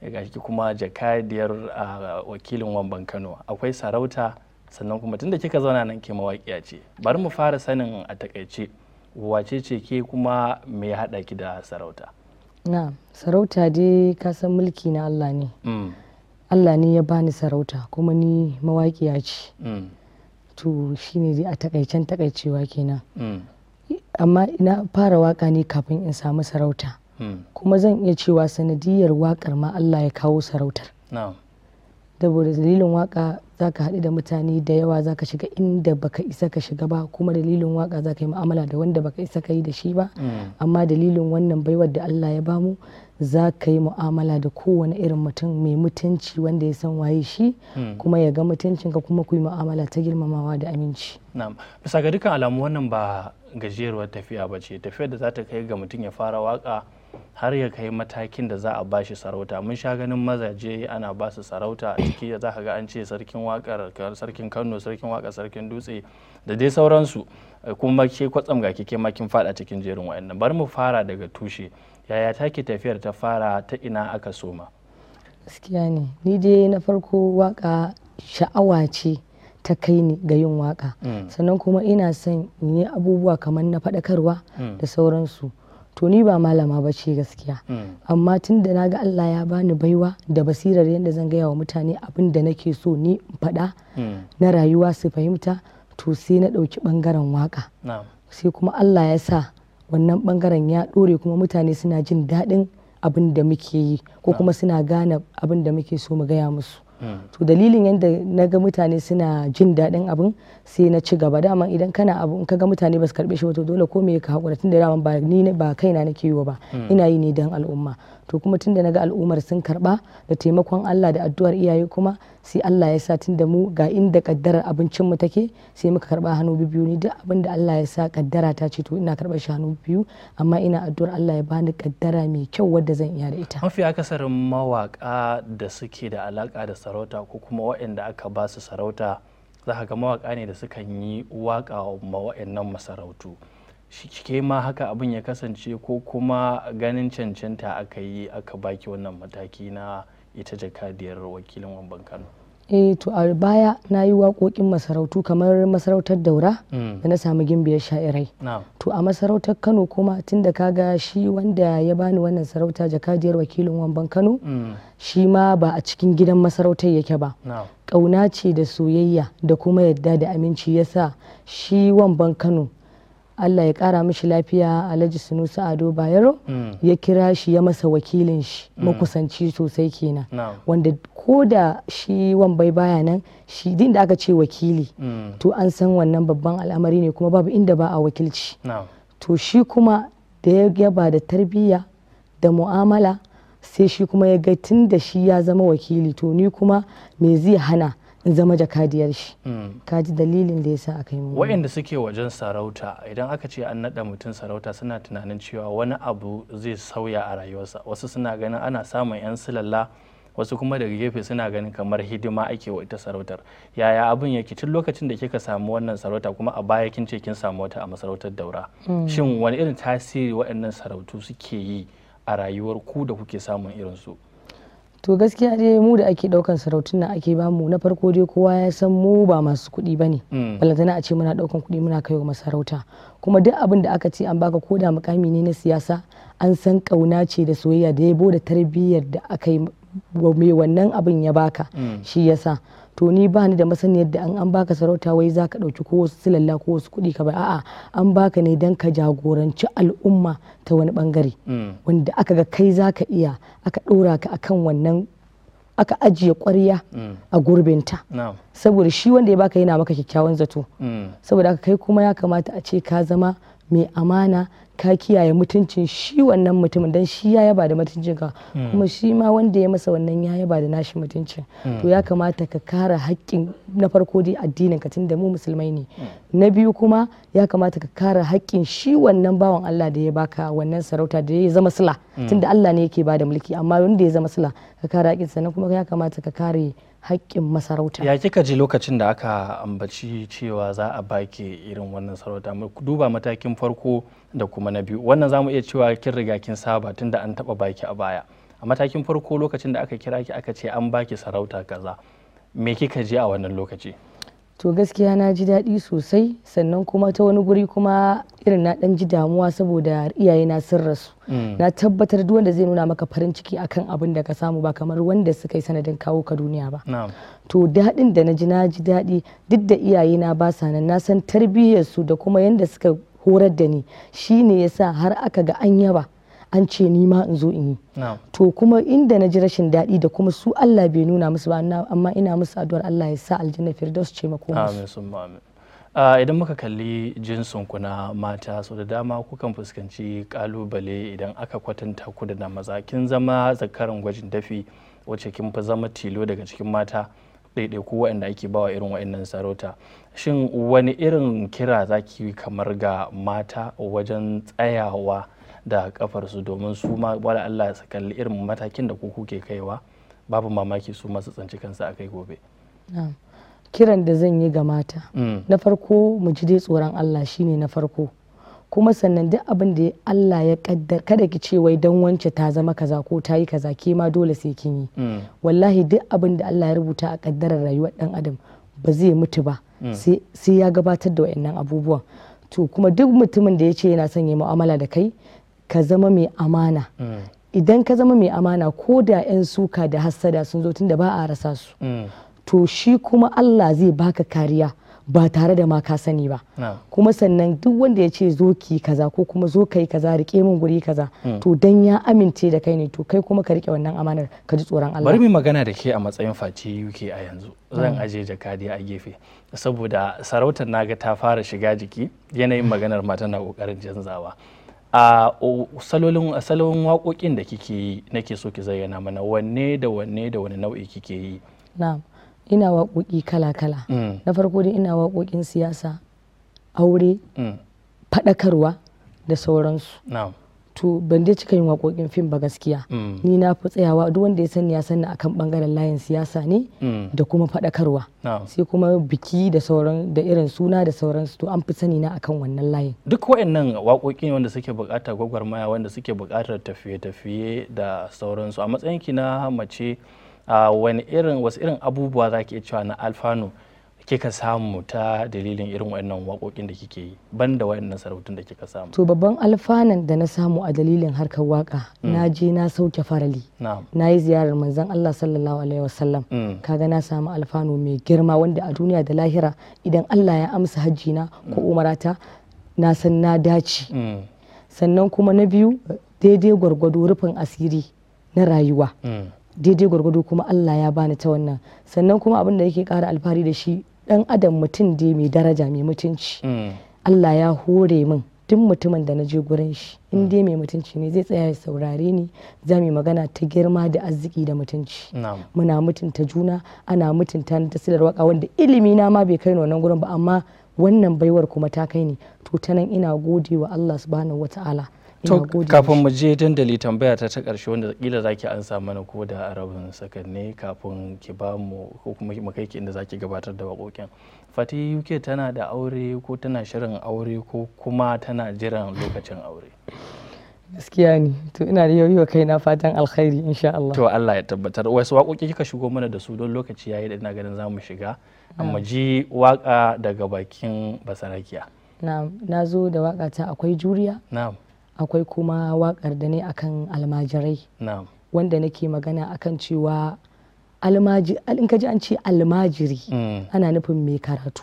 ga kuma jakadiyar ah, wakilin wamban kano akwai sarauta sannan kuma tunda kika zauna nan ke mawaƙiya ce bari mu fara sanin a takaice wace ce ke kuma me ya haɗa ki da sarauta na sarauta dai ka san mulki na Allah ne mm. Allah ne ya bani sarauta kuma ni mawaƙiya ce mm. to shine dai a takaicen takaicewa kenan mm. amma ina fara waka ne kafin in samu sarauta kuma zan iya cewa sanadiyar wakar ma Allah ya kawo sarautar saboda dalilin waka za ka haɗu da mutane da yawa za ka shiga inda baka isa ka shiga ba kuma dalilin waka za ka yi mu'amala da wanda baka isa ka yi da shi ba mm. amma dalilin wannan baiwar da Allah ya bamu za ka yi mu'amala da kowane irin mutum mai mutunci wanda ya san waye shi mm. kuma ya ga ka kuma ku yi mu'amala ta girmamawa da aminci. Na'am. Bisa ga dukkan alamu wannan ba gajiyarwar tafiya ba ce tafiyar da za ta kai ga mutum ya fara waka har ya kai matakin da za a ba shi sarauta mun sha ganin mazaje ana ba su sarauta a ciki za ka ga an ce sarkin wakar sarkin kano sarkin wakar sarkin dutse da dai sauransu kuma ke kwatsam ga kike makin fada cikin jerin wa'annan bari mu fara daga tushe yaya take tafiyar ta fara ta ina aka soma gaskiya ne ni dai na farko waka sha'awa ce ta kai ni ga yin waka mm. sannan kuma ina son in yi abubuwa kamar na faɗakarwa mm. da sauransu to ni ba malama ba ce gaskiya hmm. amma tun da na ga Allah ya bani baiwa da basirar yadda zan gaya wa mutane abin da nake so ni faɗa hmm. na rayuwa su fahimta to sai na ɗauki ɓangaren waka sai kuma Allah ya sa wannan ɓangaren ya ɗore kuma mutane suna jin daɗin abin da muke yi ko kuma suna gane abin da muke so mu gaya musu Hmm. to dalilin yadda na ga mutane suna jin daɗin abin sai na ci gaba dama idan kana abu in ka ga mutane ba su karɓe shi ba to dole ko me ka haƙura da dama ba ni ba kaina nake yi ba hmm. ina yi ne don al'umma to kuma tun da naga al'ummar sun karba da taimakon Allah da addu'ar iyaye kuma sai Allah ya sa tun da mu ga inda kaddarar abincin mu take sai muka karba hannu biyu ni duk abin da Allah ya sa kaddara ta ce to ina karba shi hannu biyu amma ina addu'ar Allah ya bani kaddara mai kyau wadda zan iya da ita mafi akasarin mawaka da suke da alaka da sarauta ko kuma waɗanda aka ba su sarauta za ka ga mawaka ne da sukan yi waka ma waɗannan masarautu ke ma haka abin ya kasance ko kuma ganin cancanta aka yi aka baki wannan mataki na ita jakadiyar wakilin wamban kano eh to a baya na yi waƙoƙin masarautu kamar masarautar daura mm. da na samu gimbiyar sha'irai to a masarautar kano kuma tun da kaga shi wanda ya bani wannan sarauta jakadiyar wakilin wamban kano mm. shi ma ba a cikin gidan masarautar yake ba ƙauna ce da soyayya da kuma yadda da aminci yasa shi wamban kano Allah ya kara mishi lafiya Alhaji sunusa Ado Bayero mm. ya kira shi ya masa wakilin shi mm. makusanci sosai kenan wanda ko da shi wambai baya nan shi din da aka ce wakili mm. to an san wannan babban al'amari ne kuma babu inda ba a wakilci to shi kuma da ya yaba da tarbiyya da mu'amala sai shi kuma ya ga tun da shi ya zama wakili to ni kuma me zai hana zama jakadiyar shi hmm. kaji dalilin da ya sa aka yi wa'anda suke wajen sarauta idan aka ce an naɗa mutum sarauta suna tunanin cewa wani abu zai sauya a rayuwarsa wasu suna ganin ana samun 'yan silalla wasu kuma daga gefe suna ganin kamar hidima ake wa ita sarautar yaya abin yake tun lokacin da kika samu wannan sarauta kuma a baya kin ce kin samu wata a masarautar daura hmm. shin wani irin tasiri waɗannan sarautu suke yi a rayuwar ku da kuke samun irin su to gaskiya dai mu da ake daukan sarautun nan ake bamu na farko dai kowa ya san mu ba masu kuɗi bane mm. balantana a ce muna daukan kuɗi muna kaiwa masarauta kuma duk abin da aka ce an baka koda mukami ne na siyasa an san kauna ce da soyayya da yabo da tarbiyyar da aka yi wa mai wannan abin ya baka mm. shi yasa to ni ba ni da masaniyar da an baka sarauta wai za ka ɗauki ko wasu silalla ko wasu kuɗi ka ba a'a an baka ne dan ka jagoranci al'umma ta wani bangare mm. wanda aka ga kai za ka iya aka ɗora ka akan wannan aka ajiye ƙwarya mm. a gurbinta saboda shi wanda ya baka yana maka kyakkyawan zato mm. saboda aka kai kuma ya kamata a ce ka zama mai amana ka kiyaye mutuncin shi wannan mutumin don shi ya yaba da mutuncin ka mm. kuma shi ma wanda ya masa wannan ya yaba da nashi mutuncin mm. to ya kamata ka kara haƙƙin na farko dai addinin ka tunda mu musulmai ne mm. na biyu kuma ya kamata ka kara haƙƙin shi wannan bawan Allah da ya baka wannan sarauta da ya zama sila tunda Allah ne yake bada mulki amma wanda ya zama sila ka kara haƙƙin sannan kuma ya kamata ka kare haƙƙin masarauta ya kika ji lokacin da aka ambaci cewa za a baki irin wannan sarauta duba matakin farko da kuma na biyu wannan za mu iya cewa kin riga kin saba tunda an taɓa baki a baya a matakin farko lokacin da aka kira ki aka ce an baki sarauta kaza me kika ji a wannan lokaci to gaskiya na ji daɗi sosai sannan kuma ta wani guri kuma irin na ɗan ji damuwa saboda iyaye na sun rasu mm. na tabbatar duk wanda zai nuna maka farin ciki akan abin da ka samu ba kamar wanda suka yi sanadin kawo ka duniya ba to daɗin da na ji na ji daɗi duk da iyaye na ba sa nan na san tarbiyyarsu da kuma yanda suka horar da ni shine yasa har aka ga an yaba an ce ni ma in zo in yi to kuma inda na ji rashin daɗi da kuma su Allah bai nuna musu ba amma ina musu addu'ar Allah ya sa aljanna firdaus ce ma musu amin amin idan muka kalli jinsin ku na mata so da dama kukan fuskanci kalubale idan aka kwatanta ku da maza kin zama zakaran gwajin dafi wacce kin fi zama tilo daga cikin mata ku waɗanda ake bawa irin waɗannan sarauta shin wani irin kira zaki kamar ga mata wajen tsayawa da kafarsu domin su ma wala Allah su kalli irin matakin da ku kuke kaiwa babu mamaki su masu tsanci kansu a kai gobe. kiran da zan yi ga mata mm. na farko mu ji dai tsoron Allah shine na farko kuma sannan duk abin da Allah ya kaddar kada ki ce wai dan wance ta zama kaza ko ta yi kaza ke ma dole sai kin yi mm. wallahi duk abin da Allah ya rubuta a kaddarar rayuwar dan adam ba zai mutu ba mm. sai ya gabatar da wayannan abubuwan to kuma duk mutumin da ya ce yana son ya mu'amala da kai ka zama mai amana mm. idan ka zama mai amana ko da 'yan suka da hassada sun zo da ba a rasa su mm. to shi kuma Allah zai baka kariya ba tare da ma ka sani ba kuma sannan duk wanda ya ce zo ki kaza ko kuma zo kai kaza rike min guri kaza mm. to dan ya amince da kai ne to kai kuma ka rike wannan amanar ka ji tsoron Allah bari mu magana da ke a matsayin face UK a yanzu zan aje jakadi a gefe saboda sarautar naga ta fara shiga jiki yanayin maganar ma tana kokarin canzawa a salolin salon waƙoƙin da kike yi nake so ki zayyana mana wanne da wanne da wani nau'i kike yi na'am ina waƙoƙi kala-kala mm. na farko dai ina waƙoƙin siyasa aure mm. faɗakarwa da sauransu na'am to ban dai cika yin waƙoƙin fim ba gaskiya mm. ni na fi tsayawa duk wanda ya sani ya sani akan bangaren layin siyasa ne mm. da kuma faɗakarwa sai kuma biki da sauran da irin suna da sauransu to an fi sani na akan wannan layin duk waɗannan waƙoƙi wanda suke buƙata gwagwarmaya wanda suke buƙatar tafiye-tafiye da sauransu a matsayin ki na mace wani irin wasu irin abubuwa zaki ki iya cewa na alfanu kika samu ta dalilin irin wayannan wakokin da kike yi ban da wayannan sarautun da kika samu to babban alfanan da na samu a dalilin harkar waka mm. na je na sauke farali na yi ziyarar manzon Allah sallallahu alaihi wasallam mm. kaga na samu alfano mai girma wanda a duniya da lahira idan Allah ya amsa hajji na ko mm. umarata na san na dace sannan kuma na biyu daidai gwargwado rufin asiri na rayuwa daidai gwargwado kuma Allah ya bani ta wannan sannan kuma abin da yake kara alfahari da shi dan adam mutum dai mai daraja mai mutunci mm. Allah ya hore min duk mutumin da na je gurin shi in mm. dai mai mutunci ne zai tsaya ya saurare ni za mu magana ta girma da arziki da mutunci muna mutunta juna ana mutunta ta silar waka wanda ilimi na ma bai kai wannan gurin ba amma wannan baiwar kuma ta kai ni to ta nan ina godewa wa Allah subhanahu wataala to kafin mu je dandali tambaya ta ta karshe wanda kila zaki ansa mana ko da rabin sakanne kafin ki ba mu ko kuma mu kai ki inda zaki gabatar da wakokin fati uk tana da aure ko tana shirin aure ko kuma tana jiran lokacin aure gaskiya ne to ina da yau wa kaina fatan alkhairi insha Allah to Allah ya tabbatar wasu waƙoƙi kika shigo mana da su don lokaci yayi da ina ganin zamu shiga amma ji waka daga bakin basarakiya na'am na da waka ta akwai juriya na'am akwai kuma wakar da ne akan almajirai wanda nake magana akan cewa in ka ji an ce almajiri mm. ana nufin mai karatu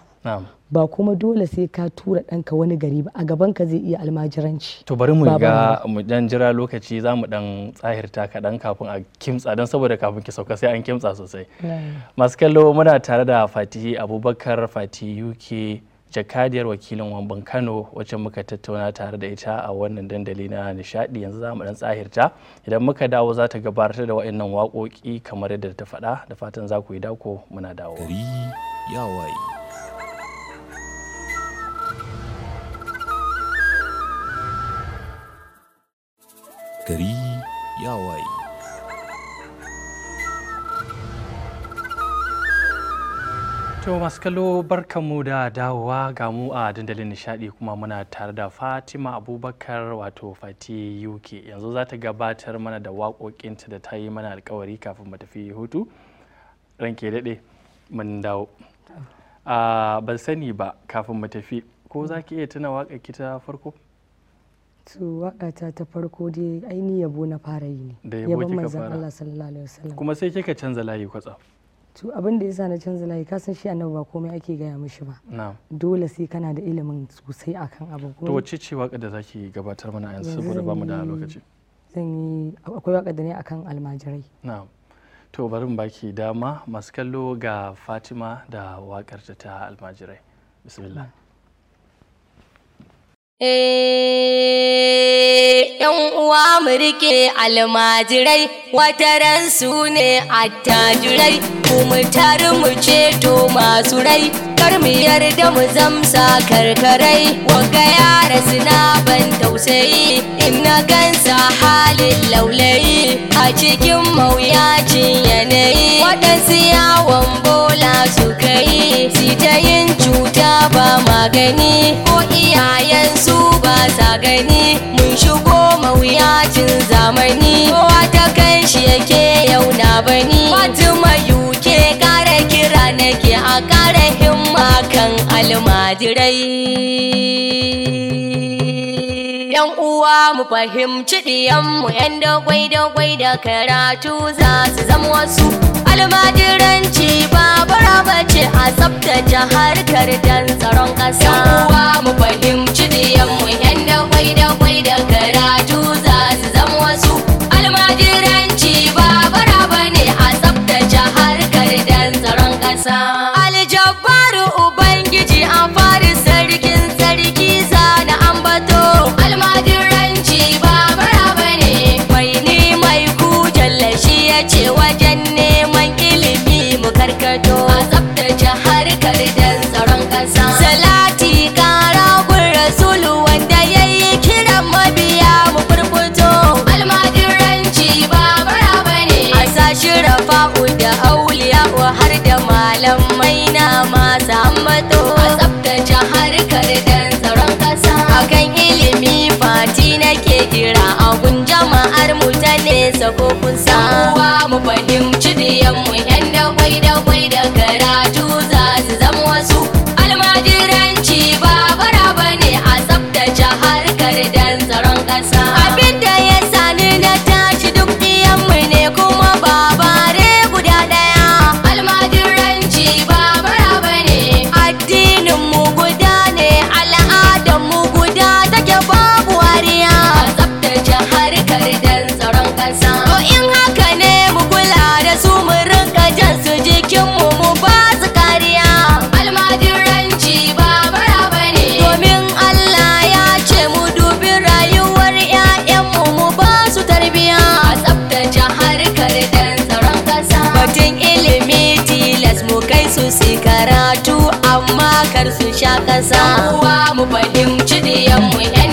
ba kuma dole sai ka tura ɗanka wani gari ba a gaban ka zai iya almajiranci to bari mu ga mu dan jira lokaci za mu dan tsahirta kaɗan kafin a kimtsa don saboda kafin ki sauka sai an kimtsa sosai masu kallo muna tare da fatihi abubakar fatihi uk jakadiyar wakilin wamban kano wacce muka tattauna tare da ita a wannan dandali na nishadi yanzu za mu dan tsahirta idan muka dawo za ta gabatar da wa'annan waƙoƙi kamar yadda ta faɗa da fatan za ku yi dako muna dawo gari ya waye To masu kallo barkanmu da dawowa ga mu a dandalin nishadi kuma muna tare da Fatima Abubakar wato Fati UK yanzu za ta gabatar mana da waƙoƙinta da ta yi mana alkawari kafin mu tafi hutu ranke daɗe mun dawo. Ban sani ba kafin mu tafi ko za ki iya tuna waka ta farko? to waƙata ta farko dai ainihin yabo na fara yi ne yabon manzan Allah sallallahu alaihi wasallam kuma sai kika canza layi kwatsam to abin da yasa na canza layi ka san shi annabi ba komai ake gaya mishi ba dole sai kana da ilimin sosai akan abin to wacce ce waka da zaki gabatar mana yanzu saboda bamu da lokaci zan yi akwai waka da ne akan almajirai na'am to bari mu baki dama masu kallo ga Fatima da wakar ta almajirai bismillah Eh, ‘Yan uwa mu rike almajirai, wataran sune ne attajirai, mu mu ceto masu rai, kar mu yarda mu zamsa karkarai, waga yara suna ban tausayi, inna gansa halin laulayi, a cikin mawuyacin yanayi, waɗansu yawon bola suka yi, sitayin ba magani ko iyayen su ba sa gani mun shigo mawuyacin zamani kowa ta kai shi yake yau na bani fatima yuke kara kira nake a kara himma kan almajirai uwa mu fahimci mu yan dagwai dagwai da karatu za su zama wasu almajiranci ba baraba ce a tsabtace harkar dan tsaron ƙasa uwa mu fahimci mu yan dagwai dagwai da karatu za su zama wasu almajiranci ba baraba ne a tsabtace harkar dan tsaron ƙasa aljabaru ubangiji a fari ce wajen neman ilimi mu karkato a tsabtace harkar dan tsaron ƙasa salati kara gun rasulu wanda ya yi kiran mabiya mu furfuto almajiranci ba bara ba ne a sashi rafa'u da auliya har da malamai na masa ambato a tsabtace harkar dan tsaron ƙasa akan ilimi fati nake kira a gun jama'ar mu ta nesa ko kusa mu fahimci diyan mu yan da kwai da kwai da karatu kar su sha ƙasa. Uwa mu ci da yamma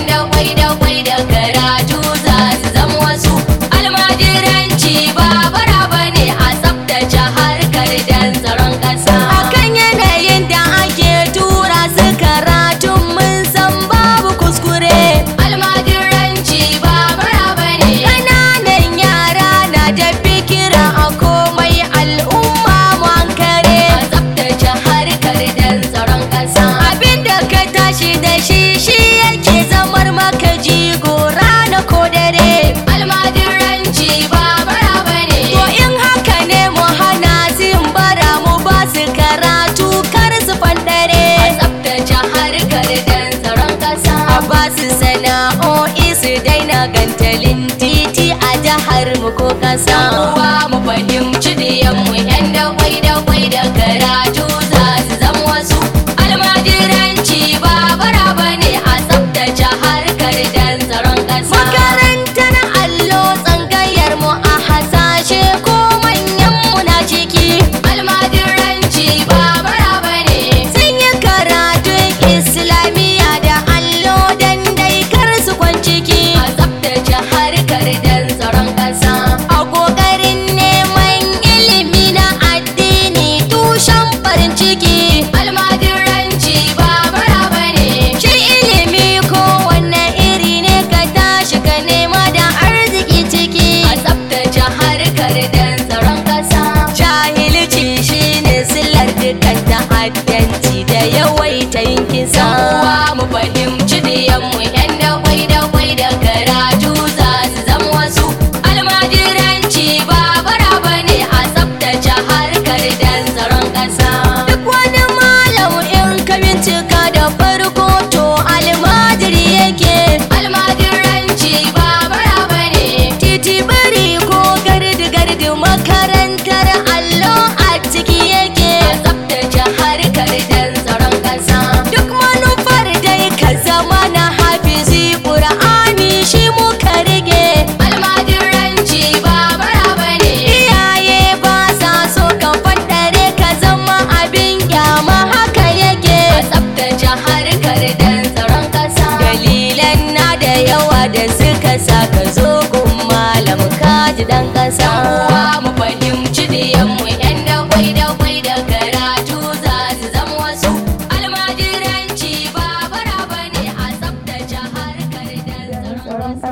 dandalin titi a jihar mu ko kasa uwa mu fahimci mu yan da kwai da kwai da karatu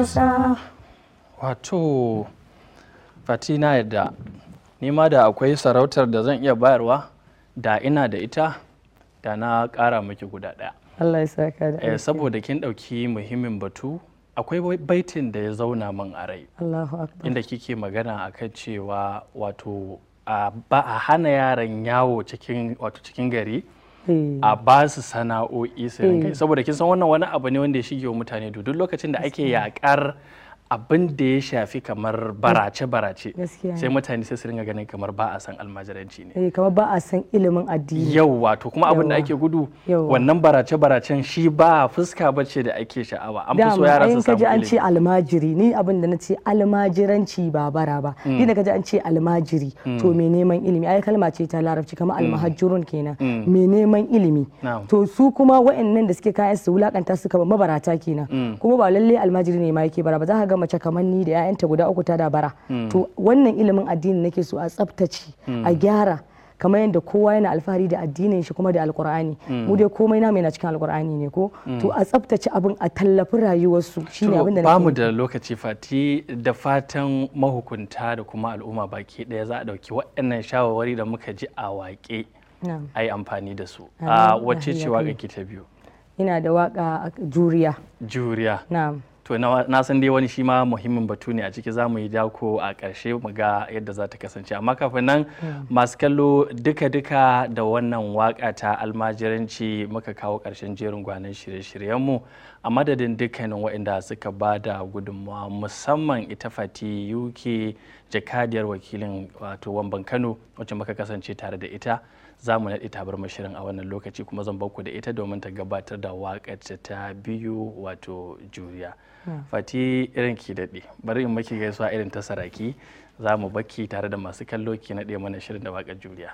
ƙasa wato fati yadda nima da akwai sarautar da zan iya bayarwa da ina da ita da na ƙara miki guda ɗaya Allah ya saka da eh, saboda kin ɗauki muhimmin batu akwai baitin da ya zauna min a rai inda kike magana akan cewa wato ba a hana yaran yawo cikin wato cikin gari Eh. a ba su sana'o'i sai eh. saboda kin san wannan wani abu ne wanda ya shige wa mutane duk lokacin da ake yakar abin da ya shafi kamar barace-barace sai mutane sai su ringa ganin kamar ba a san almajiranci ne eh, kamar ba a san ilimin addini yauwa to kuma abin da ake gudu wannan barace-baracen shi ba fuska bace da ake sha'awa an fi so yara su samu ilimi an ce almajiri ni abin da na ce almajiranci ba bara ba mm. ni da kaji an ce almajiri mm. to me neman ilimi ai kalma ce ta larabci kamar mm. almahajjurun kenan me neman ilimi to su kuma wa'annan da suke kayan su wulakanta su kamar mabarata kenan kuma ba lalle almajiri ne ma yake bara ba za ka ga mace kamar ni da 'ya'yanta guda uku ta dabara mm. to wannan ilimin addini nake so a tsaftace a mm. gyara kamar yadda kowa yana alfahari da addinin shi kuma da alkur'ani mm. mu dai komai na na cikin alkur'ani ne ko to a tsaftace abin a tallafi rayuwarsu shine abin da nake bamu da lokaci fati da fatan mahukunta da kuma al'umma baki daya za a dauki waɗannan shawarwari da muka ji a waƙe a yi amfani da su a wacce ce waƙa ke ta biyu ina da waƙa juriya juriya na'am to na san dai wani shi ma muhimmin batu ne a ciki za mu yi dako a ƙarshe mu ga yadda za ta kasance amma kafin nan mm. masu kallo duka-duka da wannan waka ta almajiranci muka kawo ƙarshen jerin gwanin shirye shiryen mu a madadin dukkanin waɗanda suka ba da gudunmawa musamman ita fati uk jakadiyar wakilin wato wamban kano wacce muka kasance tare da ita za mu naɗe tabar shirin a wannan lokaci kuma zan ku da ita domin ta gabatar da waƙar ta biyu wato juriya hmm. fati irin ki daɗe bari in maki gaisuwa irin ta saraki za mu baki tare da masu kallo ki naɗe mana shirin da waƙar juriya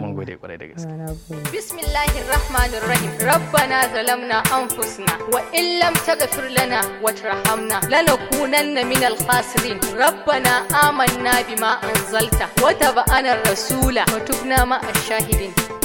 mun gode kwarai da gaske ah, bismillahir rahmanir rahim rabbana zalamna anfusna wa in lam taghfir lana wa tarhamna lanakunanna minal khasirin rabbana amanna bima anzalta wa tabi'ana rasula wa tubna ma ash-shahidin